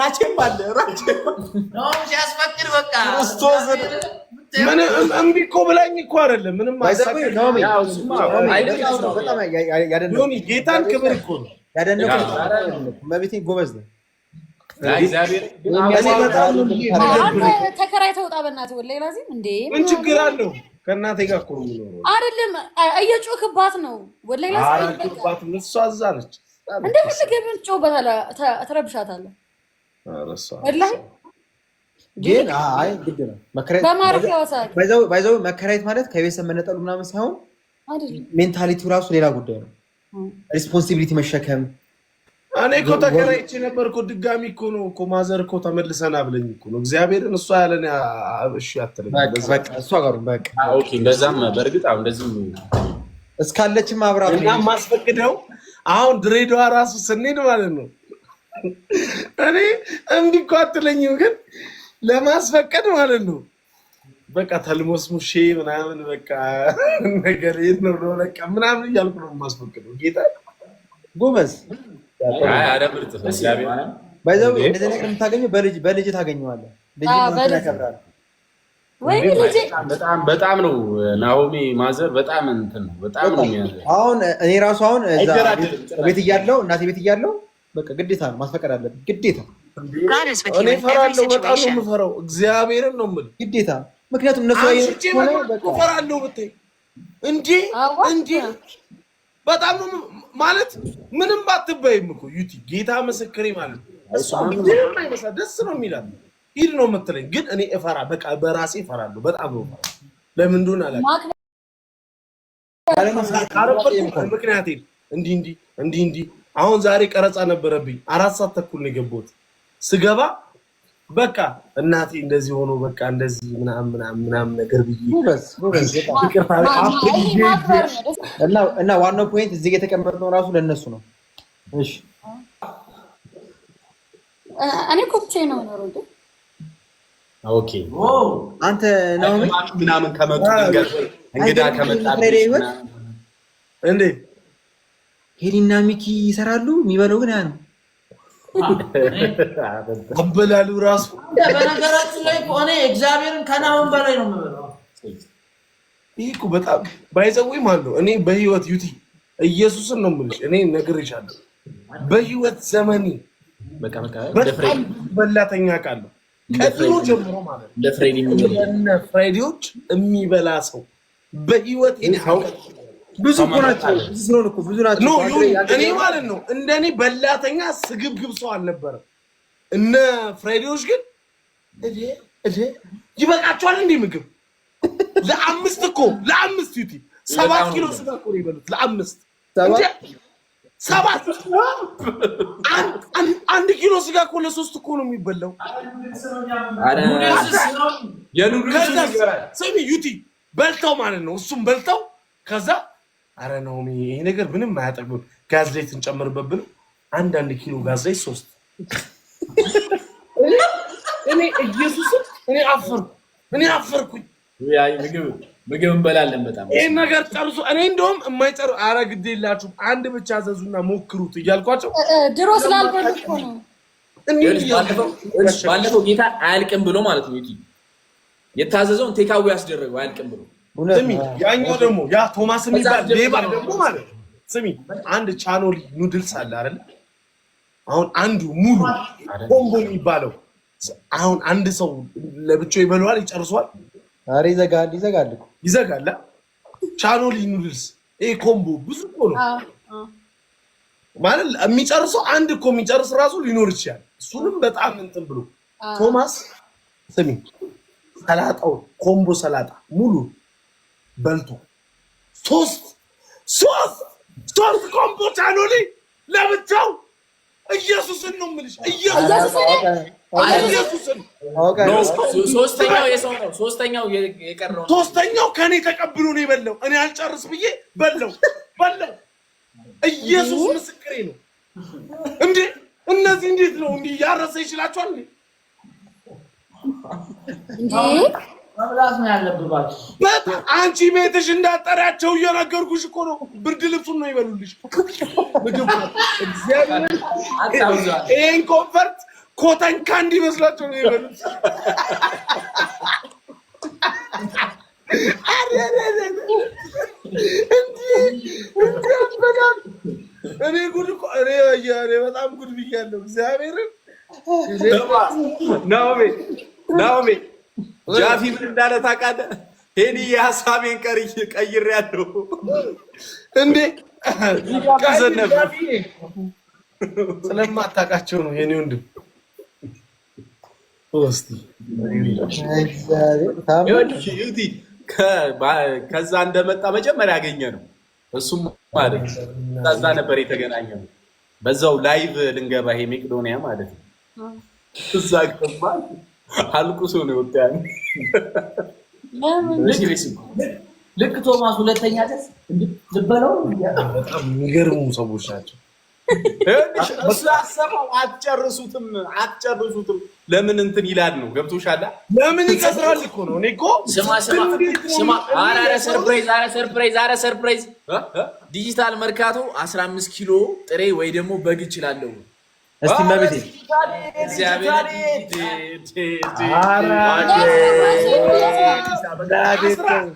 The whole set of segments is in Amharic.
ራቼም አለ ሲያስፈቅድ በቃ እምቢ እኮ ብላኝ እኮ አይደለም። ምንም ጌታን ክብር እኮ ነው ያደነኩት። ጎበዝ ነው ተከራይተህ በእናትህ ወላሂ ላዚም ምን ችግር አለው? ከእናቴ ጋር እኮ ነው አይደለም ነው ወላሂ ላዚም። እሷ እዛ ነች እንደምትገብ ትረብሻታለህ። ግን አይ ግድ ነው መከራየት ማለት ከቤተሰብ መነጠሉ ምናምን ሳይሆን ሜንታሊቲው ራሱ ሌላ ጉዳይ ነው። ሪስፖንሲቢሊቲ መሸከም። እኔ እኮ ተከራይቼ ነበር እኮ ድጋሚ እኮ ነው እኮ ማዘር እኮ ተመልሰና ብለኝ እኮ ነው እግዚአብሔርን እሷ ያለን እሺ አትለኝ እንደዛም በእርግጥ እንደዚህ እስካለችም አብራ ማስፈቅደው አሁን ድሬዳዋ ራሱ ስንሄድ ማለት ነው እኔ እምቢ እኮ አትለኝም፣ ግን ለማስፈቀድ ማለት ነው በቃ ተልሞስሙሼ ምናምን በቃ ነገር የት ነው በቃ ምናምን እያልኩ ነው የማስፈቅደው። ጌታ ጎበዝ ባይዘው እንደዚህ ነገር የምታገኘው በልጅ በልጅ ታገኘዋለህ። ልጅ ነው ያከብራል በጣም ነው ናሆሚ ማዘር በጣም እንትን በጣም ነው አሁን እኔ ራሱ አሁን ቤት እያለው እናቴ ቤት እያለው በቃ ግዴታ ነው ማስፈቀድ አለብኝ። ግዴታ እኔ እፈራለሁ፣ በጣም ነው የምፈራው። እግዚአብሔርን ነው የምልህ ግዴታ። ምክንያቱም እነሱ እፈራለሁ ብታይ እንዲ እንዲ በጣም ነው ማለት ምንም ባትበይም እኮ ዩቲ ጌታ ምስክሬ ማለት ነው። ደስ ነው የሚላል ሂድ ነው የምትለኝ። ግን እኔ እፈራ በቃ በራሴ እፈራለሁ። በጣም ነው ማለት ለምን እንደሆነ አላውቅም። ምክንያት እንዲህ እንዲህ እንዲህ እንዲህ አሁን ዛሬ ቀረጻ ነበረብኝ። አራት ሰዓት ተኩል ነው የገባሁት። ስገባ በቃ እናቴ እንደዚህ ሆኖ በቃ እንደዚህ ምናምን ምናምን ምናምን ነገር ብዬ እና እና ዋናው ፖይንት እዚህ ጋር የተቀመጥነው ራሱ ለእነሱ ነው። እሺ እኔ ኮብቼ ነው ነው አንተ ምናምን ከመጡ እንግዳ ከመጣ እንዴ ሄሊና ሚኪ ይሰራሉ። የሚበለው ግን ያ ነው። አበላሉ ራሱ በነገራችን ላይ ከሆነ እግዚአብሔርን ከናሁን በላይ ነው የምበላው። ይህ እኮ በጣም ባይዘወይም አለው። እኔ በህይወት ዩቲ ኢየሱስን ነው የምልሽ። እኔ ነግሬሻለሁ፣ በህይወት ዘመኔ በጣም በላተኛ ቃለሁ ከድሮ ጀምሮ ማለት ነው። ፍሬዲዎች የሚበላ ሰው በህይወት ብዙ ናቸው። እኔ ማለት ነው እንደኔ በላተኛ ስግብግብ ሰው አልነበረም። እነ ፍሬዲዎች ግን ይበቃቸዋል። እንዲህ ምግብ ለአምስት እኮ ለአምስት ዩቲ ሰባት ኪሎ ስጋ እኮ ነው የበሉት ለአምስት ሰባት አንድ ኪሎ ስጋ እኮ ለሶስት እኮ ነው የሚበላው። ስሚ ዩቲ በልተው ማለት ነው። እሱም በልተው ከዛ አረ ናሆም ይሄ ነገር ምንም አያጠቅም ጋዝ ላይ ትንጨምርበት ብለው አንድ አንድ ኪሎ ጋዝ ላይ ሶስት እኔ ኢየሱስን እኔ አፈርኩ እኔ አፈርኩኝ ምግብ እንበላለን። በጣም ይህን ነገር ጨርሶ እኔ እንደውም የማይጨር አረ ግድ የላችሁም አንድ ብቻ አዘዙና ሞክሩት እያልኳቸው ድሮ ስላልበሉ ነው። ባለፈው ጌታ አያልቅም ብሎ ማለት ነው የታዘዘውን ቴካዊ ያስደረገው አያልቅም ብሎ ስሚ፣ ያኛው ደግሞ ያ ቶማስ የሚባል ሌባ ደግሞ ማለት ስሚ አንድ ቻኖሊ ኑድልስ አለ አይደል? አሁን አንዱ ሙሉ ቦምቦ የሚባለው አሁን አንድ ሰው ለብቻው ይበለዋል፣ ይጨርሷል። ዛሬ ይዘጋል ይዘጋል እኮ ይዘጋላ ቻኖሊ ኑድልስ ይሄ ኮምቦ ብዙ እኮ ነው ማለት የሚጨርሰው አንድ እኮ የሚጨርስ ራሱ ሊኖር ይችላል። እሱንም በጣም እንትን ብሎ ቶማስ ስሚ ሰላጣው ኮምቦ ሰላጣ ሙሉ በልቶ ሶስት ሶስት ሶስት ኮምቦ ቻኖሊ ለብቻው ኢየሱስን ነው የምልሽ። ሶስተኛው የሰው ነው። ሶስተኛው ከእኔ ተቀብሎ ነው የበላው። እኔ አልጨርስ ብዬ በላው በላው። ኢየሱስ ምስክሬ ነው። እንዴ እነዚህ እንዴት ነው እንዲህ ያረሰ ይችላቸዋል መብላት ነው ያለብባችሁ። አንቺ ቤትሽ እንዳጠሪያቸው እየነገርኩሽ እኮ ነው። ብርድ ልብሱን ነው ይበሉልሽ። ይህን ኮንፈርት ኮተንካ እንዲመስላቸው ነው ይበሉት። እኔ ጉድ እኔ በጣም ጉድ ብያለሁ። እግዚአብሔርን ናሜ ናሜ ጃፊ ምን እንዳለ ታውቃለህ? ሄኒ የሀሳቤን ቀር ቀይር ያለው እንዴ ቀዘነብ ስለማታውቃቸው ነው። ሄኒ ወንድም ከዛ እንደመጣ መጀመሪያ ያገኘ ነው። እሱም ማለት ከዛ ነበር የተገናኘ ነው። በዛው ላይቭ ልንገባ ይሄ ሜቄዶኒያ ማለት ነው እዛ አልቁሶ ነው ወጣ። ልክ ቶማስ ሁለተኛ ደስ ልበለው በጣም የሚገርሙ ሰዎች ናቸው። እሱ አሰማው አትጨርሱትም፣ አትጨርሱትም። ለምን እንትን ይላል ነው ገብቶሻል? ለምን ይከስራል እኮ ነው። እኔ እኮ ስማ ስማ አረ ኧረ ሰርፕራይዝ፣ አረ ሰርፕራይዝ፣ አረ ሰርፕራይዝ። ዲጂታል መርካቶ 15 ኪሎ ጥሬ ወይ ደግሞ በግ ነው እስቲ መብቴ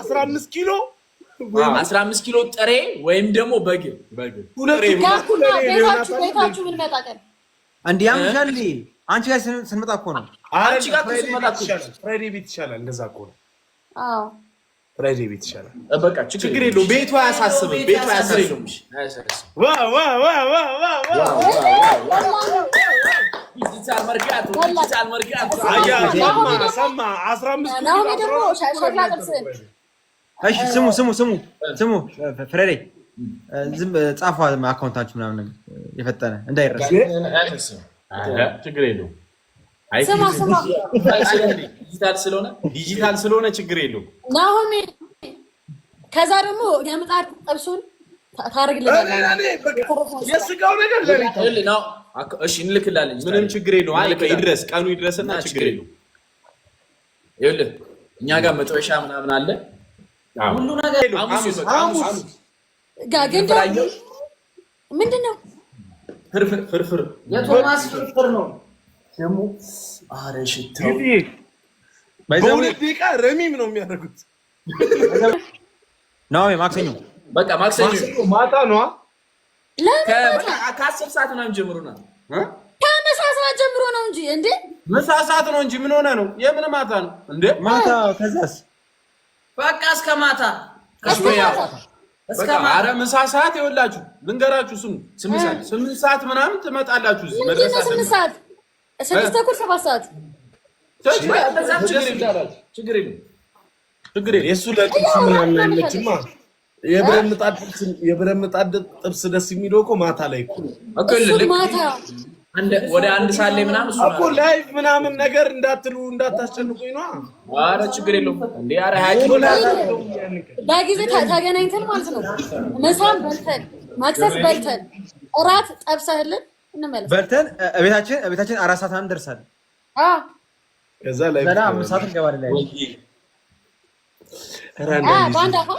አስራ አምስት ኪሎ አስራ አምስት ኪሎ ጥሬ ወይም ደግሞ በግ እንዲህ ያምሻል። አንቺ ጋር ስንመጣ እኮ ነው። አንቺ ጋር ቤት ይሻላል። እንደዛ እኮ ነው። ፍራይዴ ቤት ይሻላል። በቃ ችግር የለውም። ቤቱ አያሳስብም። ቤቱ አያሳስብም። ስሙ ስሙ ስሙ ስሙ ፍሬዴ ዝም ጻፏ አካውንታችሁ ምናምን የፈጠነ እንዳይረሳ ችግር የለውም። ዲጂታል ስለሆነ ችግር የለውም። ናሆሜ ከዛ ደግሞ የምጣድ ጠብሱን ታርግልየስጋው እንልክላለን። ምንም ችግር የለውም። ይድረስ ቀኑ ይድረስና ችግር የለውም። ይኸውልህ እኛ ጋር መጥበሻ ምናምን አለ ሁሉ ነገር ምንድን ነው? ፍርፍር የቶማስ ፍርፍር ነው ደግሞ። ሽታው በሁለት ደቂቃ ረሚም ነው የሚያደርጉት። ማክሰኞ በቃ ማክሰኞ ማታ ነው። ከአስር ሰዓት ምናምን ጀምሮ ነው። ከምሳ ሰዓት ጀምሮ ነው እንጂ እንዴ፣ ምሳ ሰዓት ነው እንጂ ምን ሆነ ነው? የምን ማታ ነው እንዴ? ማታ ከዛስ፣ በቃ እስከ ማታ ኧረ ምሳ ሰዓት ይኸውላችሁ፣ ልንገራችሁ፣ ስሙ ስምንት ሰዓት ምናምን ትመጣላችሁ እዚህ ተኩል ሰባት ሰዓት ችግር የለም፣ ችግር የለም። የእሱ ለቅምሱ ምናምን አይመችም የብረት ምጣድ ጥብስ ደስ የሚለው እኮ ማታ ላይ ወደ አንድ ሰዓት ላይ ምናምን ላይፍ ምናምን ነገር እንዳትሉ እንዳታስጨንቁኝ ነዋ። ኧረ ችግር የለውም ኧረ በጊዜ ተገናኝተን ማለት ነው። ምሳም በልተን ማክሰስ በልተን እራት ጠብሰህልን እንመለስ በልተን እቤታችን እቤታችን አራት ሰዓት ምናምን ደርሳለን። ከዛ ላይ አምስት እንገባለን። ላይ በአንድ አሁን